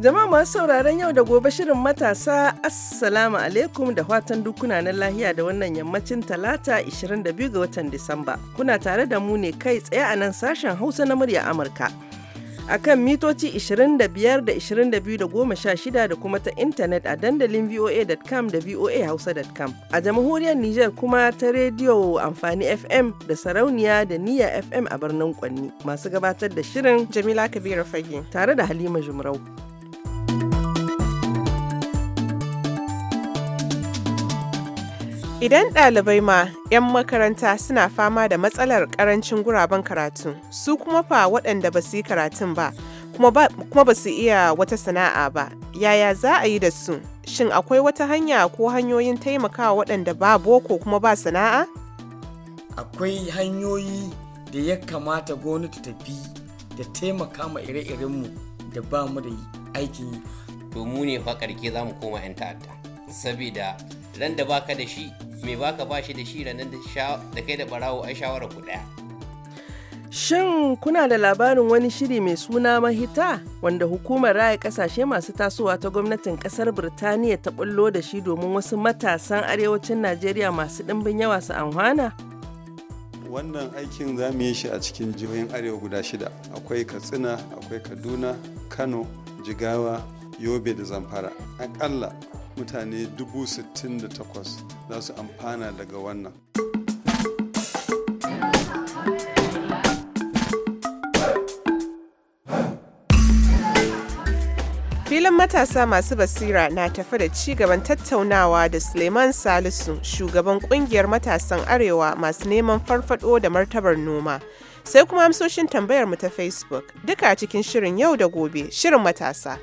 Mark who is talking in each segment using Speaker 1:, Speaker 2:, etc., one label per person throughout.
Speaker 1: Jama'a masu sauraron yau da gobe shirin matasa Assalamu alaikum da watan dukuna na lahiya da wannan yammacin talata 22 ga watan Disamba. Kuna tare da mu ne kai tsaye a nan sashen Hausa na murya Amurka. A kan mitoci 25 da 22 da 16 da kuma ta intanet a dandalin voa.com da voahausa.com. A jamhuriyar Nijar kuma ta rediyo amfani FM da sarauniya da niyya FM a birnin Kwanni. Masu gabatar da shirin Jamila Kabiru Fage tare da Halima Jumrau.
Speaker 2: Idan ɗalibai ma 'yan makaranta suna fama da matsalar ƙarancin guraben karatu, su kuma fa waɗanda ba su yi karatun ba, kuma ba su iya wata sana'a ba, yaya za a yi da su? Shin akwai wata hanya ko hanyoyin taimakawa waɗanda ba boko kuma ba sana'a?
Speaker 3: Akwai hanyoyi da ya kamata gwamnati ta bi da taimaka ma ire-irenmu
Speaker 4: da ba mu da aikin yi. Domin ne fa ƙarke za mu koma 'yan ta'adda, saboda ran da baka da shi mai baka ba shi da shi ranar da kai da barawo ai shawara ku daya
Speaker 1: Shin kuna da labarin wani shiri mai suna mahita wanda hukumar raya kasashe masu tasowa ta gwamnatin kasar Birtaniya ta bullo da shi domin wasu matasan arewacin Najeriya masu ɗimbin yawa su anhwana
Speaker 5: Wannan aikin za mu yi shi a cikin jihohin arewa guda shida. Akwai Katsina, akwai Kaduna, Kano, Jigawa, Yobe da Zamfara. Akalla mutane 68,000 za su amfana daga wannan
Speaker 2: filin matasa masu basira na tafi da ci gaban tattaunawa da suleiman salisu shugaban kungiyar matasan arewa masu neman farfado da martabar noma sai kuma amsoshin tambayar mu ta facebook duka a cikin shirin yau da gobe
Speaker 1: shirin matasa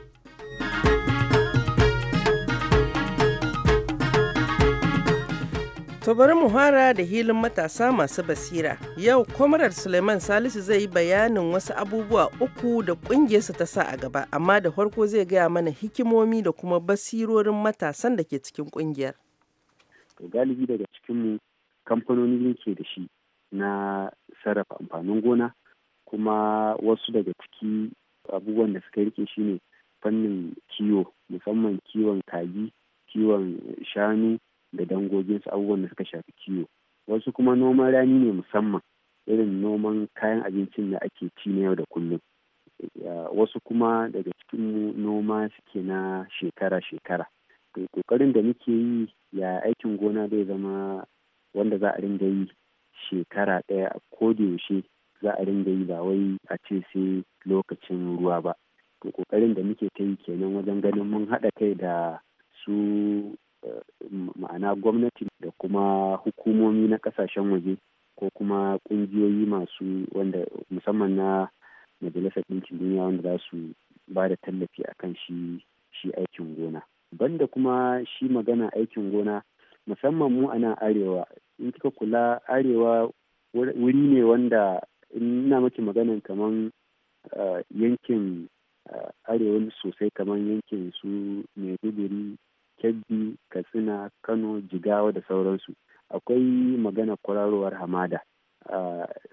Speaker 1: To bari mu fara da hilin matasa masu basira. Yau kwamarar Suleiman Salisu zai yi bayanin wasu abubuwa uku da ƙungiyarsa ta sa a gaba, amma da farko zai gaya mana hikimomi da kuma basirorin matasan da ke cikin ƙungiyar.
Speaker 6: Galibi daga cikinmu kamfanoni ke da shi na sarrafa amfanin gona, kuma wasu daga ciki abubuwan da suka rike shine fannin kiwo, musamman kiwon kaji, kiwon shanu, jinsu abubuwan da suka shafi kiwo wasu kuma noman rani ne musamman irin noman kayan abincin da ake ci na yau da kullum wasu kuma daga cikin noma suke na shekara-shekara to kokarin da muke yi ya aikin gona zai zama wanda za a ringa yi shekara ɗaya a yaushe za a ringa yi ba wai a ce sai lokacin ruwa ba to kokarin da muke ta yi kenan wajen ganin mun haɗa kai da su ma'ana gwamnati da kuma hukumomi na kasashen waje ko kuma kungiyoyi masu wanda musamman na majalisar ɗinkin duniya wanda za su ba da tallafi akan shi shi aikin gona banda kuma shi magana aikin gona musamman mu ana arewa in kika kula arewa wuri ne wanda ina maki magana kaman eh, yankin eh, arewa sosai kaman yankin su maiduguri Kebbi, Katsina, Kano, Jigawa da sauransu. Akwai magana kwararowar hamada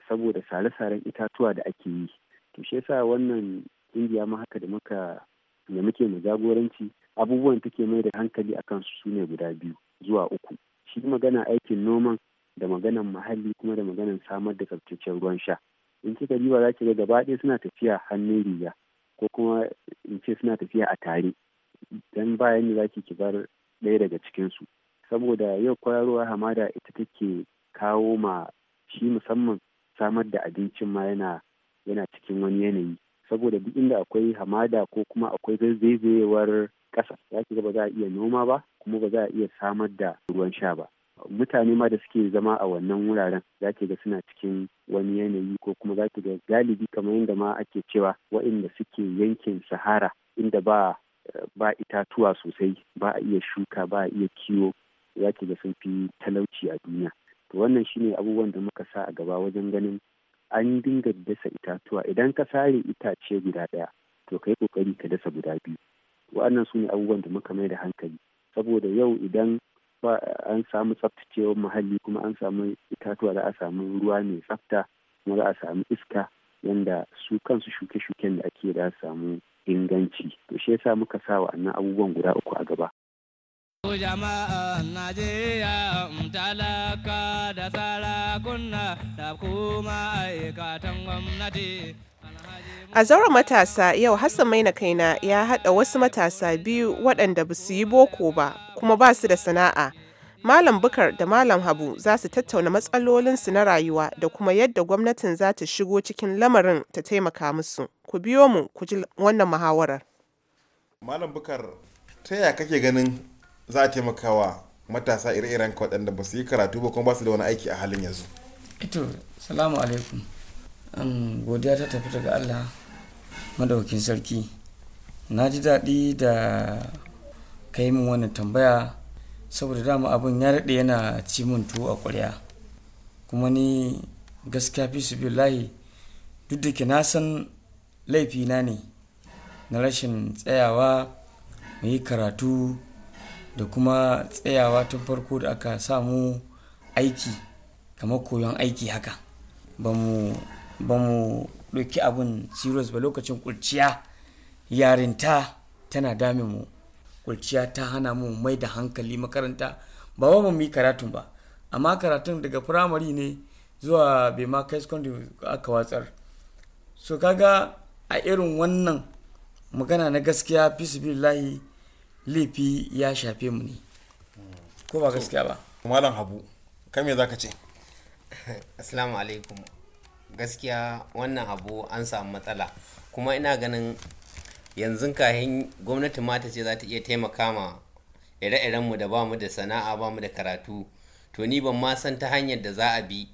Speaker 6: saboda sare-saren itatuwa da ake yi. To shi yasa wannan ƙungiya ma haka da muka da muke mu jagoranci abubuwan take mai da hankali akan su ne guda biyu zuwa uku. Shi magana aikin noman da maganan muhalli kuma da maganan samar da tsabtaccen ruwan sha. In kika ba za ki ga gaba ɗaya suna tafiya hannun riga ko kuma in ce suna tafiya a tare. dan bayan za zaki ki bar ɗaya daga cikinsu saboda yau kwararowar hamada ita take kawo ma shi musamman samar da abincin ma yana yana cikin wani yanayi saboda duk inda akwai hamada ko kuma akwai zaizayewar ƙasa za ki ga ba za a iya noma ba kuma ba za a iya samar da ruwan sha ba mutane ma da suke zama a wannan wuraren za ki ga suna cikin wani yanayi ko kuma za ki ga galibi kamar yadda ma ake cewa waɗanda suke yankin sahara inda ba ba itatuwa sosai ba a iya shuka ba a iya kiwo ya ke ga sun talauci a duniya to wannan shine abubuwan da muka sa a gaba wajen ganin an dinga dasa itatuwa idan ka sare itace guda daya to kai kokari ka dasa guda biyu wa'annan su ne abubuwan da muka mai da hankali saboda yau idan an samu tsaftacewar muhalli kuma an samu itatuwa za a samu ruwa mai tsafta kuma za a samu iska yanda su kansu shuke-shuken da ake da samu inganci to shi yasa muka sa wa'annan abubuwan guda uku a gaba
Speaker 4: jama'a Najeriya da sarakuna
Speaker 2: da kuma aikatan gwamnati A zauren matasa yau Hassan Maina kaina ya haɗa wasu matasa biyu waɗanda ba su yi boko ba kuma ba su da sana'a Malam Bukar da Malam Habu za su tattauna matsalolinsu na rayuwa da kuma yadda gwamnatin za ta shigo cikin lamarin ta taimaka musu. Ku biyo mu ku ji wannan
Speaker 7: muhawarar. Malam Bukar, ta yaya kake ganin za a taimakawa matasa ire-iren waɗanda ba su yi karatu ba kuma ba su da wani aiki a halin yanzu?
Speaker 3: Ito, salamu alaikum. godiya ta tafi daga Allah madaukin sarki. Na ji daɗi da kai min wani tambaya saboda dama abin ya daɗe yana ci min tuwo a ƙwarya kuma ni gaskiya fi su billahi duk da ke na san laifina ne na rashin tsayawa mu yi karatu da kuma tsayawa tun farko da aka samu aiki kamar koyon aiki haka ba mu ɗauki abin serious ba lokacin kurciya yarinta tana dame mu kwalciya ta hana mu mai da hankali makaranta ba wa mu yi karatun ba amma karatun daga firamare ne zuwa bai ma kai secondary aka watsar so kaga a irin wannan magana na gaskiya fisibillahi laifi ya shafe mu ne
Speaker 4: ko ba gaskiya ba malam habu kai me zaka ce assalamu alaikum gaskiya wannan abu an samu matsala kuma ina ganin yanzu kahin gwamnati mata ce za ta iya taimaka ma ire-irenmu da ba mu da sana'a ba mu da karatu to ni ban ma san ta hanyar da za a bi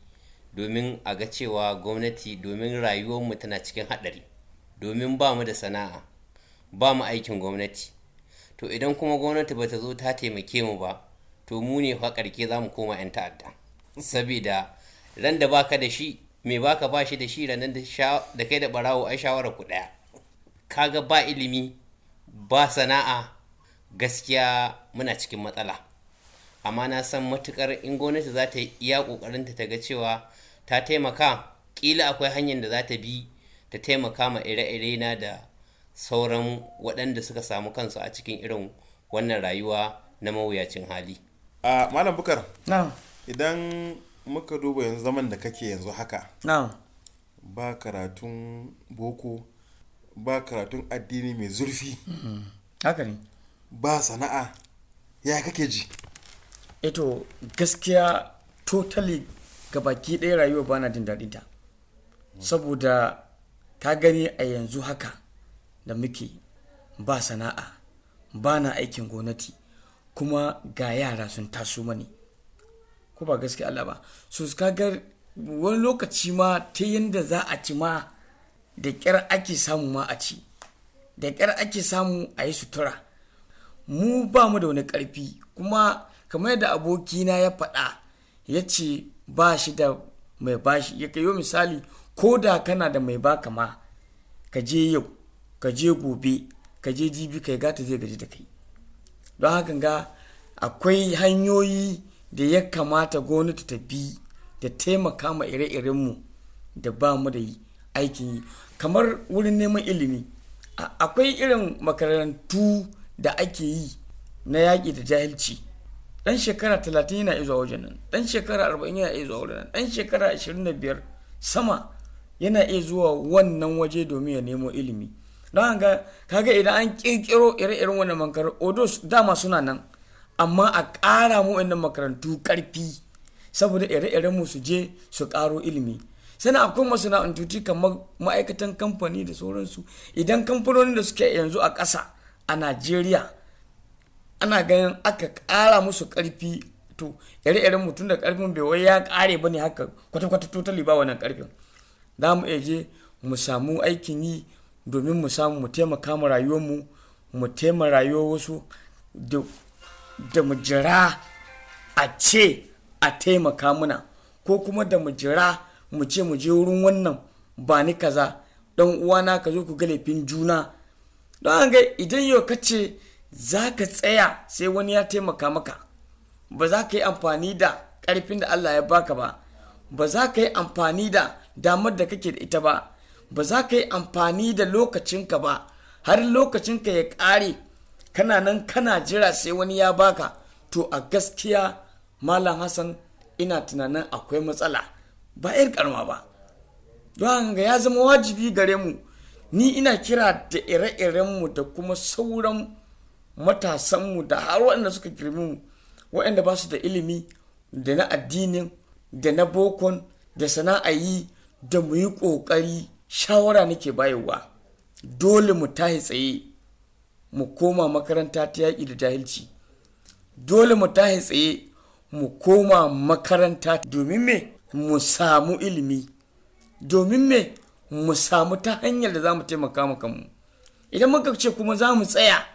Speaker 4: domin a ga cewa gwamnati domin rayuwarmu tana cikin haɗari domin ba mu da sana'a ba mu aikin gwamnati to idan kuma gwamnati ba ta zo ta taimake mu ba to mu ne ƙarke za mu koma 'yan ta'adda saboda ran da baka da shi me baka ba shi da shi ranar da kai da ɓarawo a shawarar ku ɗaya kaga ba ilimi ba sana'a gaskiya muna cikin matsala amma na san matukar in gwamnati za ta iya kokarin ta ga cewa ta taimaka ƙila akwai hanyar da za ta bi ta taimaka ma ire-ire na da sauran waɗanda suka samu kansu a cikin irin wannan rayuwa na mawuyacin hali.
Speaker 7: a malam bukar idan muka duba yanzu zaman da kake yanzu haka ba karatun boko ba karatun addini
Speaker 3: mai zurfi mm-hmm. haka ne ba sana'a ya kake ji eto eh gaskiya totally baki ɗaya rayuwa ba na jin daɗin ta saboda ka gani a yanzu haka da muke ba sana'a ba na aikin gwamnati kuma ga yara sun taso mani ko ba gaskiya Allah ba so ka ga wani lokaci ma ta yadda za a ci ma da ƙyar ake samu ma a ci da ƙyar ake samu a yi sutura mu ba mu da wani ƙarfi kuma kamar yadda abokina ya faɗa ya ce ba shi da mai ba shi ya kayo misali ko da kana da mai ba kama ka je yau ka je gobe ka je jibi kai gata zai gaji da kai don hakan ga akwai hanyoyi da ya kamata gwamnati ta bi da taimaka ma ire-irenmu da ba mu da aikin yi kamar wurin neman ilimi akwai irin makarantu da ake yi na yaƙi da jahilci ɗan shekara talatin yana izuwa wajen nan ɗan shekara arba'in yana izuwa wajen nan ɗan shekara ashirin da biyar sama yana iya zuwa wannan waje domin ya nemo ilimi don ga kaga idan an ƙirƙiro ire-iren wannan makarantu odos dama suna nan amma a ƙara mu makarantu ƙarfi saboda ire-iren mu su je su ƙaro ilimi sannan akwai masana'antu kamar ma'aikatan kamfani da sauransu idan kamfanonin da suke yanzu a ƙasa a najeriya ana ganin aka ƙara musu ƙarfi to ire-iren mutum da ƙarfin bai wai ya ƙare ba ne haka kwata-kwata totali ba wannan ƙarfin za mu iya je mu samu aikin yi domin mu samu mu taimaka mu rayuwarmu mu taimaka rayuwar wasu da mu jira a ce a taimaka muna ko kuma da mu jira mu ce mu je wurin wannan ba ni kaza dan uwana ka zo ku ga laifin juna don an ga idan yau ka ce za ka tsaya sai wani ya taimaka maka ba za ka yi amfani da ƙarfin da Allah ya baka ba ba za ka yi amfani da damar da kake da ita ba ba za ka yi amfani da lokacinka ba har lokacinka ya ƙare kana nan kana jira sai wani ya baka to a gaskiya malam hassan ina tunanin akwai matsala ba yar karama ba don ga ya zama wajibi gare mu ni ina kira da ire mu da kuma sauran matasanmu da har waɗanda suka girmi mu waɗanda ba su da ilimi da na addinin da na bokon da sana'ayi da mu yi ƙoƙari shawara nake bayarwa dole mu tahi tsaye mu koma makaranta ta yaƙi da jahilci dole mu tahi tsaye mu koma makaranta domin me mu samu ilimi domin me mu samu ta hanyar da za mu taimaka mu kanmu idan muka ce kuma za mu tsaya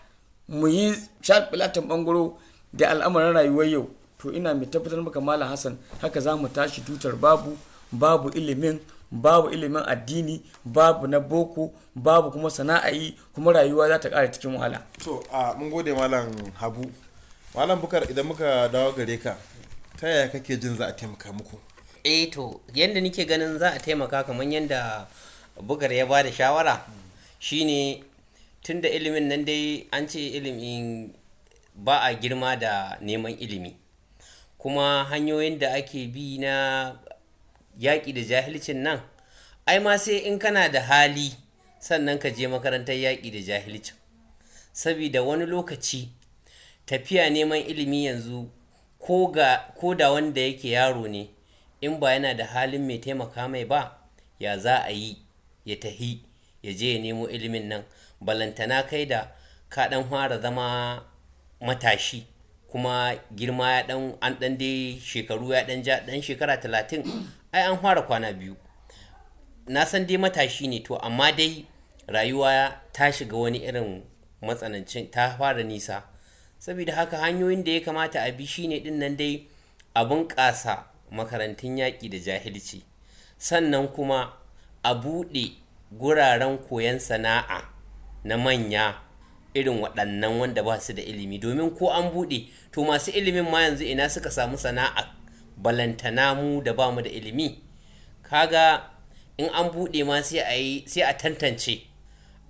Speaker 3: mu yi shafilatan bangaro da al'amuran rayuwar yau to ina mai tabbatar maka malam hassan haka za mu tashi tutar babu babu ilimin babu ilimin addini babu na boko babu kuma sana'ai kuma rayuwa za ta kara cikin wahala to a mun gode malam habu malam bukar idan muka
Speaker 4: dawo gare ka ta yaya
Speaker 7: kake jin za a taimaka muku
Speaker 4: eh to yadda nike ganin za a taimaka kamar yadda bugar ya ba da shawara shine tun da ilimin nan dai an ce ilimin ba a girma da neman ilimi kuma hanyoyin da ake bi na yaƙi da jahilcin nan ai ma sai in kana da hali sannan ka je makarantar yaƙi da jahilcin sabida wani lokaci tafiya neman ilimi yanzu ko da wanda yake yaro ne in ba yana da halin mai taimaka mai ba ya za a yi ya tahi ya je ya nemo ilimin nan balantana kai da ka dan fara zama matashi kuma girma ya dan an dan dai shekaru ya dan ja dan shekara talatin ai an fara kwana biyu na san dai matashi ne to amma dai rayuwa ta shiga wani irin matsanancin ta fara nisa saboda haka hanyoyin da ya kamata a bi shine din nan dai a bunƙasa makarantun yaƙi da jahilci sannan kuma a buɗe guraren koyon sana'a na manya irin waɗannan wanda ba su da ilimi domin ko an buɗe to masu ilimin ma yanzu ina suka samu sana'a balantana mu da ba mu da ilimi kaga in an buɗe ma sai a tantance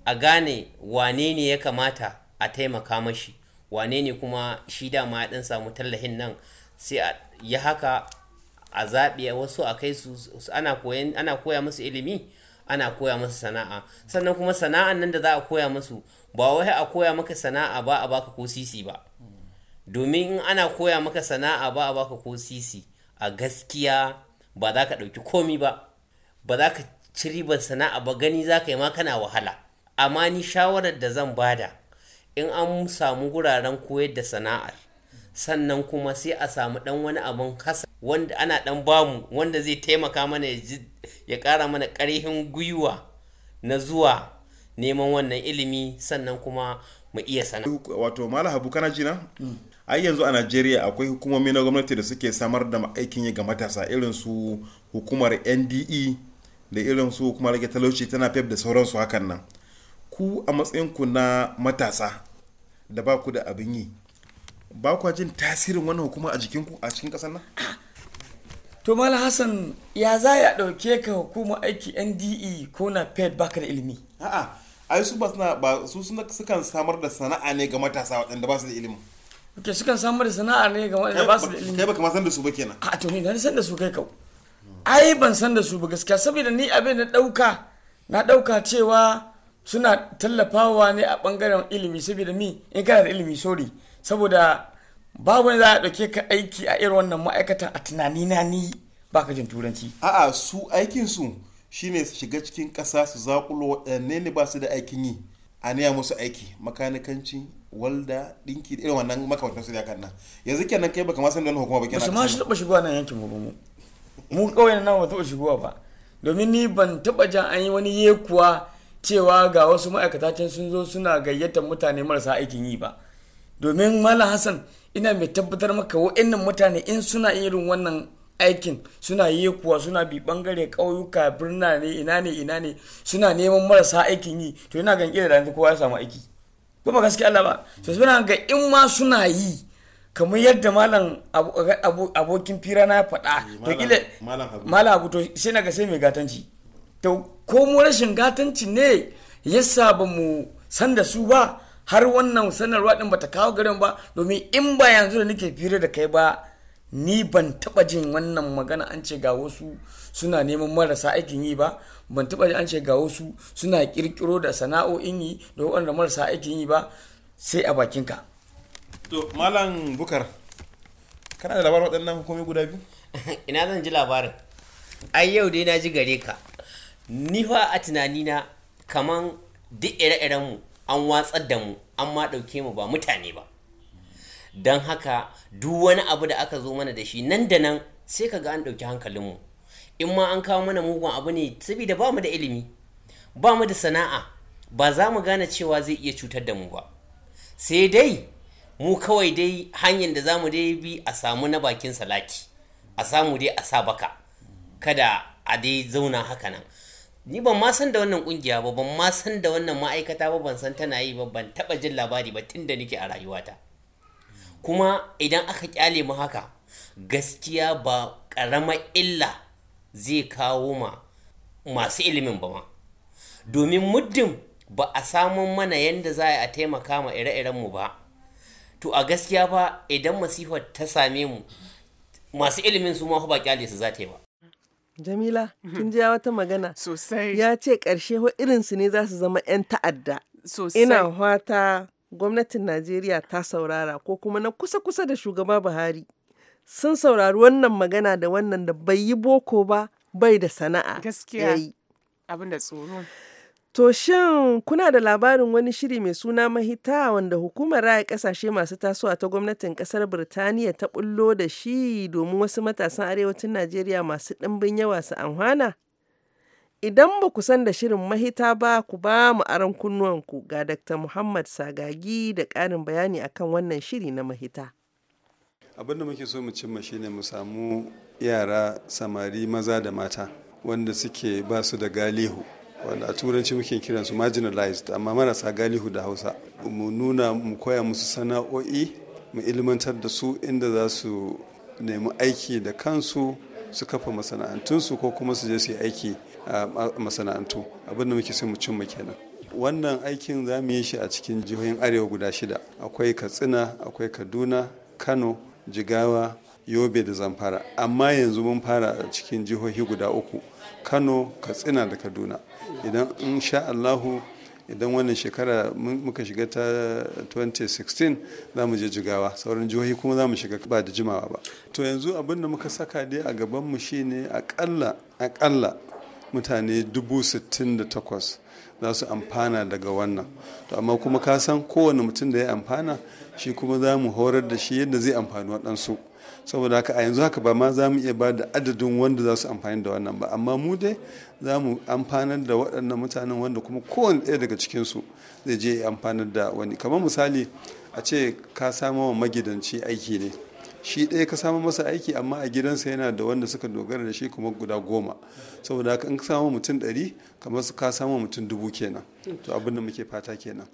Speaker 4: a gane wane ne ya kamata a taimaka mashi wane ne kuma shi dama ya ɗan samu tallahin nan sai a yi haka a zaɓe wasu a kai su ana koya musu ilimi ana koya musu sana'a sannan kuma sana'an nan da za a koya musu ba wai a koya maka sana'a ba a baka ko sisi ba domin in ana koya maka sana'a ba a baka ko sisi a gaskiya ba za ka ɗauki komi ba ba za ka ci ribar sana'a ba gani za ka yi ma kana wahala amma ni shawarar da zan bada in an samu guraren koyar da sana'ar sannan kuma sai a samu dan wani abun kasa wanda ana dan bamu wanda zai taimaka mana ya kara mana ƙarfin gwiwa na zuwa neman wannan ilimi sannan kuma mu iya sana.
Speaker 7: wato mala habu kana jina mm. ai yanzu a najeriya akwai hukumomi na gwamnati da suke samar da aikin yi ga matasa irin su hukumar nde da irin su hukumar rage talauci tana fef da sauransu hakan nan ku a matsayinku na matasa da ba ku da abin yi ba kwa jin tasirin wannan hukuma
Speaker 3: a jikinku a cikin ƙasar nan to malam hassan ya za ya ɗauke ka hukuma aiki nde ko na fed baka da ilimi a'a ai su ba suna ba su suna
Speaker 7: sukan samar da sana'a ne ga matasa waɗanda ba su da ilimi
Speaker 3: ok sukan samar da sana'a ne ga waɗanda ba su da ilimi kai baka ma san da su ba kenan a to ni na san da su kai kau ai ban san da su ba gaskiya saboda ni abin na ɗauka na ɗauka cewa suna tallafawa ne a ɓangaren ilimi saboda mi in kana da ilimi sorry saboda babu za a ɗauke ka aiki a irin wannan ma'aikatan a tunani na ni baka jin turanci a'a su aikin su
Speaker 7: shine su shiga cikin ƙasa su zakulo waɗanne ne ba su da aikin yi a niya musu aiki makanikanci walda dinki da irin wannan makamantan su da kan nan yanzu kenan kai baka ma
Speaker 3: san da wani hukuma ba kenan ba su taɓa shigowa nan yankin mu mu mu kawai nan ba taɓa shigowa ba domin ni ban taɓa jan an yi wani yekuwa cewa ga wasu ma'aikata can sun zo suna gayyatar mutane marasa aikin yi ba domin malam hassan ina mai tabbatar maka wa'annan mutane in suna irin wannan aikin suna yi kuwa suna bi bangare ƙauyuka birna ne ina ne ina ne suna neman marasa aikin yi to yana gan kira da kowa ya samu aiki ko ba gaskiya Allah ba to suna ga in ma suna yi kamar yadda malam abokin fira na faɗa eh, to kila malam abu to sai na ga sai mai gatanci to ko mu rashin gatanci ne yasa ba mu san da su ba har wannan sanarwa din bata kawo garin ba domin in ba yanzu da nake fira da kai ba ni ban taba jin wannan magana an ce ga wasu suna neman marasa aikin yi ba ban taba jin an ce ga wasu suna kirkiro da sana'o'in yi da wanda marasa
Speaker 4: aikin yi ba sai a bakinka to malam bukar kana da labarin waɗannan hukumi guda biyu ina zan ji labarin ai yau dai na ji gare ka ni fa a tunanina kaman duk ire-irenmu an watsar da mu an ma ɗauke mu ba mutane ba don haka duk wani abu da aka zo mana da shi nan da nan sai ka ga an ɗauki hankalinmu in ma an kawo mana mugun abu ne saboda ba mu da ilimi ba mu da sana'a ba za mu gane cewa zai iya cutar da mu ba sai dai mu kawai dai hanyar da za mu dai bi a samu na bakin salati a samu dai a sa baka kada a dai zauna haka nan ni ban ma san da wannan kungiya ba ban ma san da wannan ma'aikata ba ban san tana yi ba ban taba jin labari ba tun da nake a rayuwata kuma idan aka kyale mu haka gaskiya ba karama illa zai kawo ma masu ilimin ba ma domin muddin ba a samun mana yadda za a taimaka ma ire iren mu ba to a gaskiya ba idan masifar ta same mu masu ilimin su ma ba kyale su za ta yi ba
Speaker 1: Jamila, mhm. kin ji wata magana. Sosai. Ya ce ƙarshe wa irinsu ne za su zama 'yan ta'adda. Sosai. Ina fata gwamnatin Najeriya ta saurara ko kuma na kusa-kusa da shugaba Buhari. Sun saurari wannan magana da wannan da bai yi boko ba bai da sana'a. Gaskiya.
Speaker 2: Abin da tsoro.
Speaker 1: To shin kuna da labarin wani shiri mai suna mahita wanda hukumar raya kasashe masu tasowa ta gwamnatin kasar Birtaniya ta bullo da shi domin wasu matasan arewacin Najeriya masu ɗimbin yawa su anhwana? Idan ba ku san da shirin mahita ba ku ba mu aron kunnuwanku ga Dr. Muhammad Sagagi da ƙarin bayani akan wannan shiri na mahita.
Speaker 5: Abin da muke so mu cimma shine mu samu yara samari maza da mata wanda suke ba su da galihu wanda a turanci muke kiransu marginalized amma marasa galihu da hausa mu nuna mu koya musu sana'o'i mu ilmantar da su inda za su nemi aiki da kansu su kafa masana'antunsu ko kuma su je su yi aiki a masana'antu abinda muke sai mu cimma kenan wannan aikin za mu yi shi a cikin jihohin arewa guda shida akwai katsina akwai kaduna kano jigawa yobe da zamfara amma yanzu mun fara cikin jihohi guda uku kano katsina da kaduna idan in sha allahu idan wannan shekara muka shiga ta 2016 za mu je jigawa sauran jihohi kuma za mu shiga ba da jimawa ba to yanzu abin da muka saka dai a gaban mu shine akalla akalla mutane 68,000 za su amfana daga wannan to amma kuma ka san kowane mutum da ya amfana shi kuma za mu horar da shi yadda zai amfani waɗansu saboda haka a yanzu haka ba ma za mu iya ba da adadin wanda za su amfani da wannan ba amma mu dai za mu amfanar da waɗannan mutanen wanda kuma kowane ɗaya daga cikinsu zai je ya amfanar da wani kamar misali a ce ka samo wa magidanci aiki ne shi ɗaya ka samu masa aiki amma a gidansa yana da wanda suka dogara da shi kuma guda goma saboda haka in ka samu mutum ɗari kamar su ka samu mutum dubu kenan to abinda muke fata kenan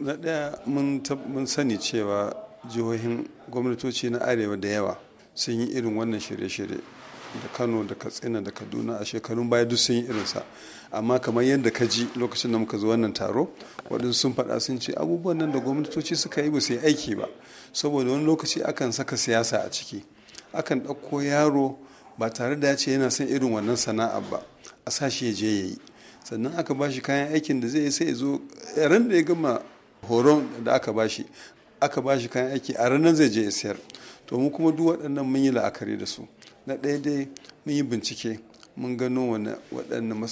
Speaker 5: na ɗaya mun sani cewa jihohin gwamnatoci na arewa da yawa sun yi irin wannan shirye-shirye da kano da katsina da kaduna a shekarun baya duk sun yi irin sa amma kamar yadda ka ji lokacin da muka zo wannan taro waɗin sun faɗa sun ce abubuwan nan da gwamnatoci suka yi ba su yi aiki ba saboda wani lokaci akan saka siyasa a ciki akan ɗauko yaro ba tare da ya ce yana son irin wannan sana'a ba a sa shi ya je ya yi sannan aka ba shi kayan aikin da zai sai ya zo ran da ya gama horon da aka ba shi aka ba shi kayan aiki a ranar zai je ya sayar to mu kuma duk waɗannan mun yi la'akari da su na ɗaya dai mun yi bincike mun gano waɗannan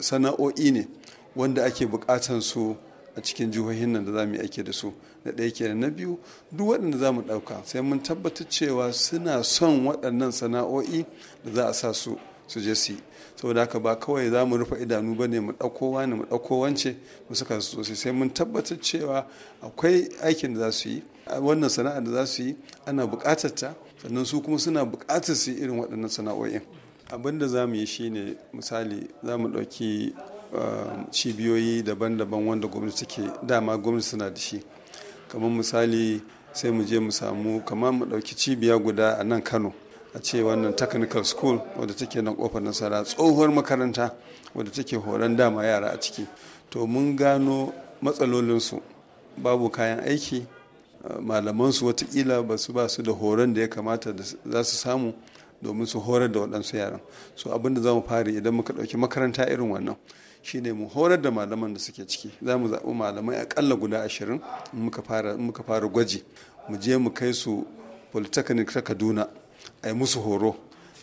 Speaker 5: sana'o'i ne wanda ake buƙatan su a cikin jihohin nan da za mu yi aiki da su na ɗaya kenan na biyu duk waɗanda za mu ɗauka sai mun tabbatar cewa suna son waɗannan sana'o'i da za a sa su su je su yi saboda haka ba kawai za mu rufe idanu ba ne mu ɗauko wani mu ɗauko wance mu saka su sosai sai mun tabbatar cewa akwai aikin da za su yi wannan sana'a da za su yi ana buƙatar ta sannan su kuma suna buƙatar su irin waɗannan sana'o'in abin da za mu yi shine misali za mu ɗauki um, cibiyoyi daban-daban wanda gwamnati take dama gwamnati suna da shi kamar misali sai mu je mu samu kamar mu ɗauki cibiya guda a nan kano a ce wannan technical school wadda take nan kofar nasara tsohuwar makaranta wadda take horon dama yara a ciki to mun gano matsalolinsu babu kayan aiki eh, malamansu watakila ba su ba su da horon da ya kamata da za su samu domin su horar da waɗansu yaran so abin da za mu fara idan muka ɗauki makaranta irin wannan shine mu horar da malaman da suke ciki za mu zaɓi malamai aƙalla guda ashirin in muka fara gwaji mu je mu kai su polytechnic ta kaduna a yi musu horo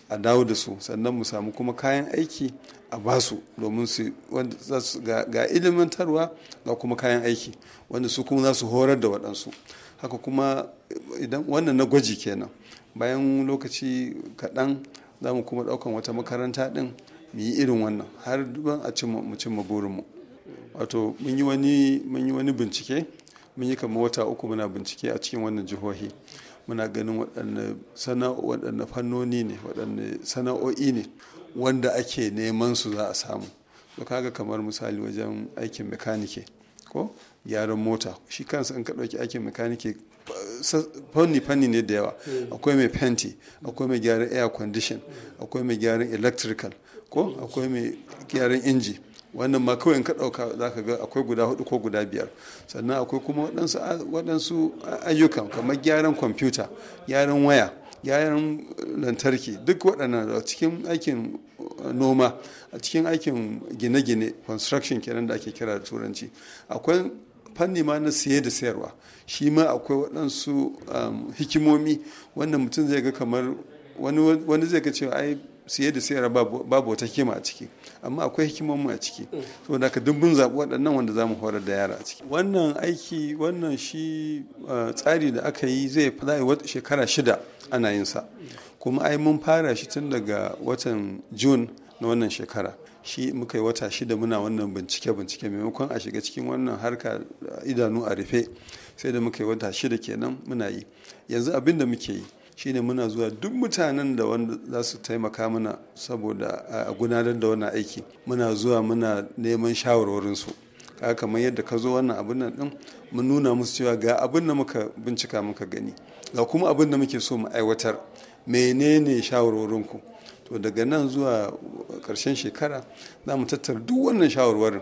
Speaker 5: a dawo da su sannan mu samu kuma kayan aiki a basu domin su ga ilimantarwa ga kuma kayan aiki wanda su kuma za su horar da waɗansu haka kuma idan wannan na gwaji kenan bayan lokaci kaɗan za mu kuma ɗaukan wata makaranta ɗin mu yi irin wannan har a mu cimma burinmu wato mun yi wani bincike mun yi kamar wata uku muna bincike a cikin wannan jihohi muna ganin waɗanne sana'o'i fannoni ne waɗanne sana'o'i ne wanda ake neman su za a samu to kaga kamar misali wajen aikin mekanike ko gyaran mota shi kansa in ka ɗauki aikin mekanike fanni fanni ne da yawa akwai mai fenti akwai mai gyaran air condition akwai mai gyaran electrical ko akwai mai gyaran inji wannan ma kawai ka ɗauka za ka ga akwai guda hudu ko guda biyar sannan akwai kuma waɗansu ayyukan kamar gyaran kwamfuta gyaran waya gyaran eh, lantarki duk waɗannan cikin aikin eh, noma a cikin aikin gine-gine construction kenan da ake kira da turanci akwai fanni ma na siye da sayarwa shi ma akwai waɗansu um, hikimomi wanda mutum zai ga kamar wani zai ga cewa ai siye da siyarwa babu wata hikima a ciki amma akwai hikimanmu a ciki saboda haka duk zaɓi waɗannan wanda za mu horar da yara a ciki wannan aiki wannan shi eh, tsari da aka yi zai fada shekara shida ana yin sa kuma ai mun fara shi tun daga watan Jun na wannan shekara shi muka yi wata shida muna wannan bincike bincike maimakon a shiga cikin wannan harka eh, idanu a rufe sai da muka yi wata shida kenan muna yi yanzu abin da muke yi shine muna zuwa duk mutanen da wanda za su taimaka mana saboda a gudanar da wannan aiki muna zuwa muna neman shawarwarinsu ka kamar yadda ka zo wannan abin nan din mun nuna musu cewa ga abin da muka bincika muka gani ga kuma abin da muke so mu aiwatar menene shawarwarinku to daga nan zuwa karshen shekara za mu tattara duk wannan shawarwarin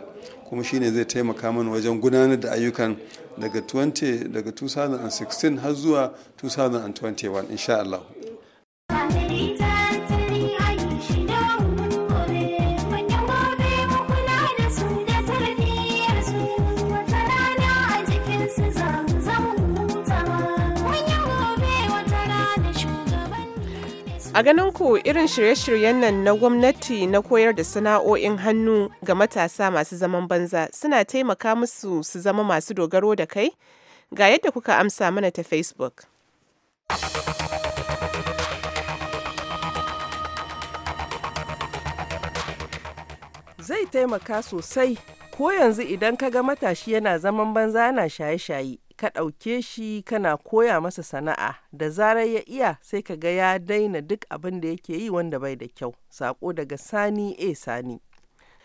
Speaker 5: kuma shine zai taimaka mana wajen gudanar da ayyukan daga 20 2016 har zuwa 2021 insha Allah
Speaker 2: A ganin ku irin shirye-shiryen nan na gwamnati na koyar da sana'o'in hannu ga matasa masu zaman banza suna taimaka musu su zama masu dogaro da kai? Ga yadda kuka amsa mana ta Facebook.
Speaker 1: Zai taimaka sosai ko yanzu idan ka ga matashi yana zaman banza ana shaye-shaye ka ɗauke shi kana koya masa sana'a da zarar ya iya sai ka ga ya daina duk abin da yake yi wanda bai da kyau sako daga sani a sani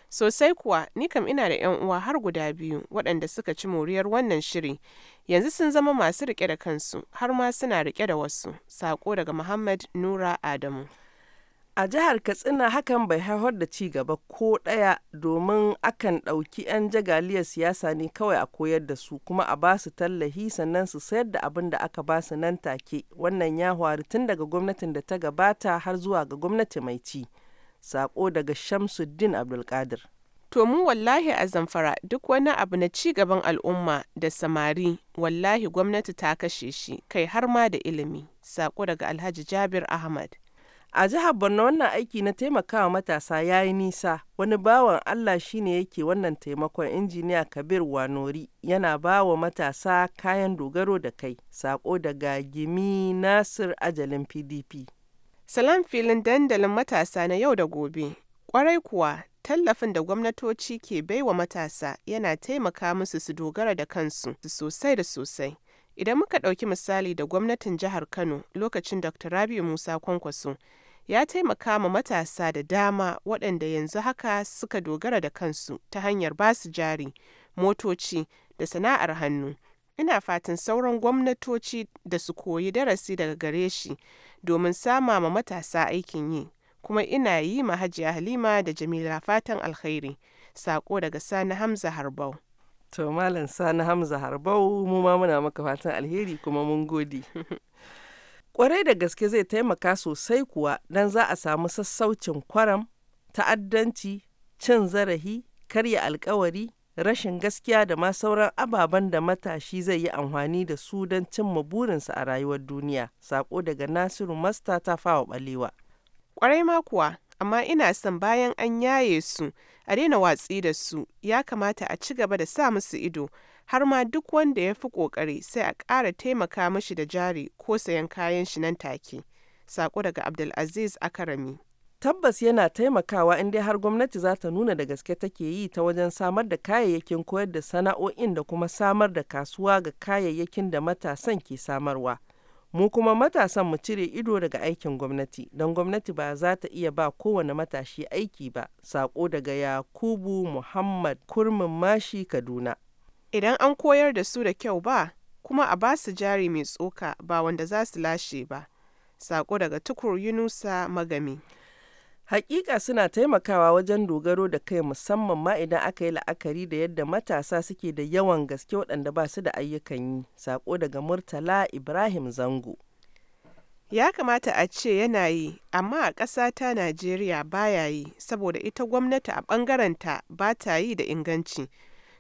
Speaker 2: sosai kuwa ni kam ina da yan uwa har guda biyu waɗanda suka ci moriyar wannan shiri yanzu sun zama masu rike da kansu har ma suna rike da wasu sako
Speaker 1: daga muhammad nura adamu A jihar Katsina hakan bai haifar da ci gaba ko ɗaya domin akan ɗauki 'yan jagaliyar siyasa ne kawai a koyar da su kuma a ba su tallahi sannan su sayar da abin da aka ba su nan take. Wannan ya hwari tun daga gwamnatin da ta gabata har zuwa ga gwamnati mai ci. Sako daga Shamsuddin Abdulkadir. To mu wallahi a zamfara duk wani abu na ci gaban al'umma
Speaker 2: da samari wallahi gwamnati ta kashe shi kai har ma da ilimi. Sako daga
Speaker 1: Alhaji Jabir Ahmad. A jihar Borno wannan aiki na taimakawa matasa ya yi nisa, wani bawan Allah shine yake wannan taimakon injiniya Kabir Wanori yana bawa matasa kayan dogaro da kai, sako daga Gimi Nasir Ajalin PDP. Salam filin dandalin matasa na yau da gobe, kwarai kuwa
Speaker 2: tallafin da gwamnatoci ke baiwa matasa yana taimaka musu su dogara da kansu sosai da sosai. Idan muka ɗauki misali da gwamnatin jihar Kano lokacin Dr. Rabiu Musa Kwankwaso ya taimaka ma matasa da dama waɗanda yanzu haka suka dogara da kansu ta hanyar basu jari, motoci da sana'ar hannu. Ina fatan sauran gwamnatoci da su koyi darasi daga gare shi domin sama ma matasa aikin yi, kuma ina yi ma Hajiya Halima da Jamila fatan alkhairi. Sako daga Sani Hamza Harbau. To Malam Sani Hamza
Speaker 1: Harbau mu ma muna maka fatan alheri kuma mun gode. Kwarai da gaske zai taimaka sosai kuwa don za a samu sassaucin kwaram, ta'addanci, cin zarahi, karya alkawari, rashin gaskiya da ma sauran ababen da matashi zai yi amfani da su don cimma burinsa a rayuwar duniya. Sako daga Nasiru Masta ta fawa balewa. Kwarai ma kuwa, amma ina son bayan an yaye
Speaker 2: su a daina watsi da su ya kamata a ci gaba da sa musu ido har ma duk wanda ya fi ƙoƙari sai a ƙara taimaka mashi da jari ko sayan kayan shi nan take
Speaker 1: sako daga abdulaziz akarami tabbas yana taimakawa in dai har gwamnati za ta nuna da gaske take yi ta wajen samar da kayayyakin koyar da sana'o'in da kuma samar da kasuwa ga kayayyakin da matasan ke samarwa Mu kuma matasan mu cire ido daga aikin gwamnati, don gwamnati ba za ta iya ba kowane matashi aiki ba, saƙo daga Yakubu Muhammad Kurmin Mashi Kaduna. Idan an koyar
Speaker 2: da su da kyau ba, kuma a ba su jari mai tsoka ba wanda za su lashe ba.
Speaker 1: Sako daga tukur Yunusa Magami. Hakika suna taimakawa wajen dogaro da kai musamman ma idan aka yi la'akari da yadda matasa suke da yawan gaske waɗanda ba su da ayyukan yi. Sako daga Murtala Ibrahim Zango. Ya
Speaker 2: kamata a ce yana yi, amma a ƙasa ta Najeriya baya yi, saboda ita gwamnati a ɓangarenta ba ta yi da inganci.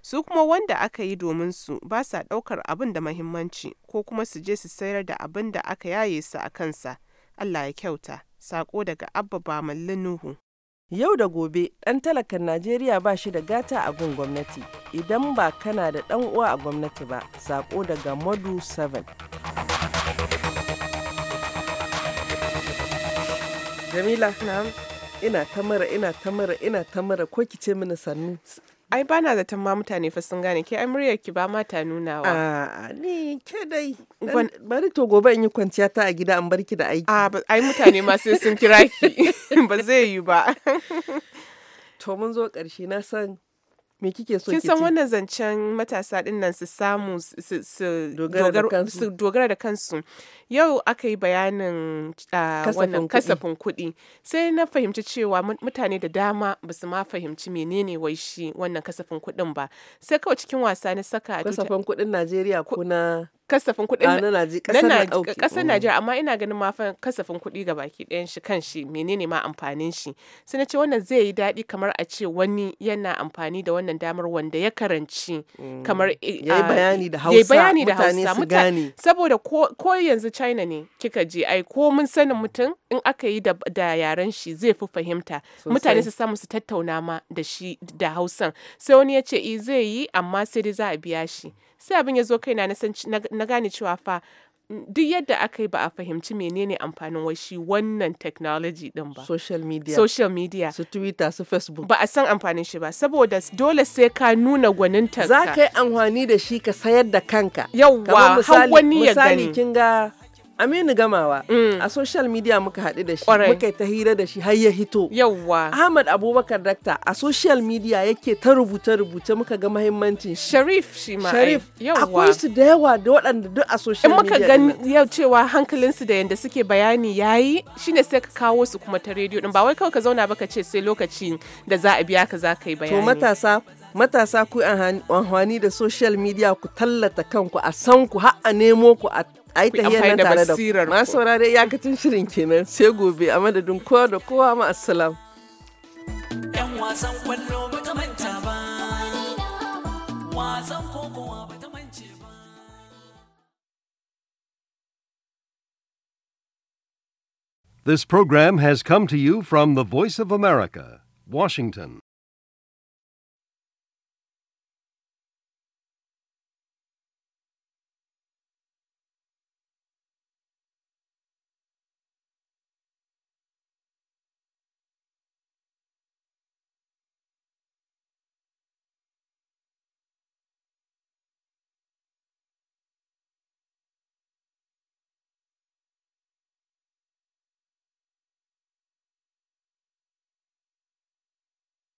Speaker 2: Su kuma wanda aka yi domin su ba sa ɗaukar abin da mahimmanci ko kuma su je su sayar da abin da aka yaye su a kansa.
Speaker 1: Allah ya kyauta. Sako daga Abba Bamalli Nuhu. Yau da gobe ɗan talakan Najeriya ba shi da gata a gun gwamnati idan ba kana da ɗan uwa a gwamnati ba. Sako daga Modu 7. Jamila, ina ta mara ina ta mara ina ta mara ko ki ce mini sannu ai ba
Speaker 2: na zaton ma mutane fa sun gane ke ai muryar ki ba ma ta
Speaker 1: nunawa a ni ke dai bari to gobe in yi kwanciya ta a gida an bar ki da aiki a ai mutane ma sai sun kira
Speaker 2: ki ba zai yi ba
Speaker 1: to mun zo ƙarshe na san me kike so kin san
Speaker 2: wannan zancen matasa din nan su samu su dogara da kansu yau aka yi bayanin ah, wannan kasafin kuɗi sai na fahimci cewa mutane da dama ba su ma fahimci menene wai shi wannan kasafin kuɗin ba sai kawai cikin wasa na saka kasafin kuɗin
Speaker 1: Najeriya ko na kasafin kuɗin ah, na ƙasar mm. Najeriya
Speaker 2: amma ina ganin ma fa kasafin kuɗi ga baki ɗayan shi kan shi menene ma amfanin shi sai na ce wannan zai yi daɗi kamar a ce wani yana amfani da wannan damar wanda ya karanci mm. kamar eh, yayi ah, bayani da Hausa bayani da Hausa saboda ko yanzu China ne kika je ai ko mun sanin mutum in aka yi da yaren shi zai fi fahimta mutane su samu su tattauna ma da shi da Hausan sai wani ya ce eh, zai yi amma sai dai za a biya shi sai abin ya zo kai na na gane cewa fa mm, duk yadda aka yi ba a fahimci menene amfanin washi wannan technology din ba social media social media su so twitter su so facebook ba a san amfanin shi ba saboda dole sai ka nuna gwaninta za ka yi
Speaker 1: amfani da shi ka sayar da kanka yawwa har wani ya gani misali kin ga Aminu Gamawa mm. a social media muka haɗu da shi muka ta hira da shi har ya hito. Yawwa. Ahmad Abubakar Dakta a social media yake ta rubuta rubuta muka ga mahimmancin Sharif shi ma Sharif akwai su da yawa da waɗanda duk a social media. muka gan yau cewa hankalinsu da yanda suke bayani
Speaker 2: yayi shine sai ka kawo su kuma ta rediyo din ba wai kawai ka zauna ba ka ce sai lokacin da za a biya ka za ka yi bayani. To matasa
Speaker 1: matasa ku amfani da social media ku tallata kanku a san ku har a nemo ku a ai tare da ku saurare iyakacin shirin kenan sai gobe a madadin kowa da kowa ma assalam yan wasan kwallo manta ba wasan
Speaker 5: This program has come to you from the Voice of America, Washington.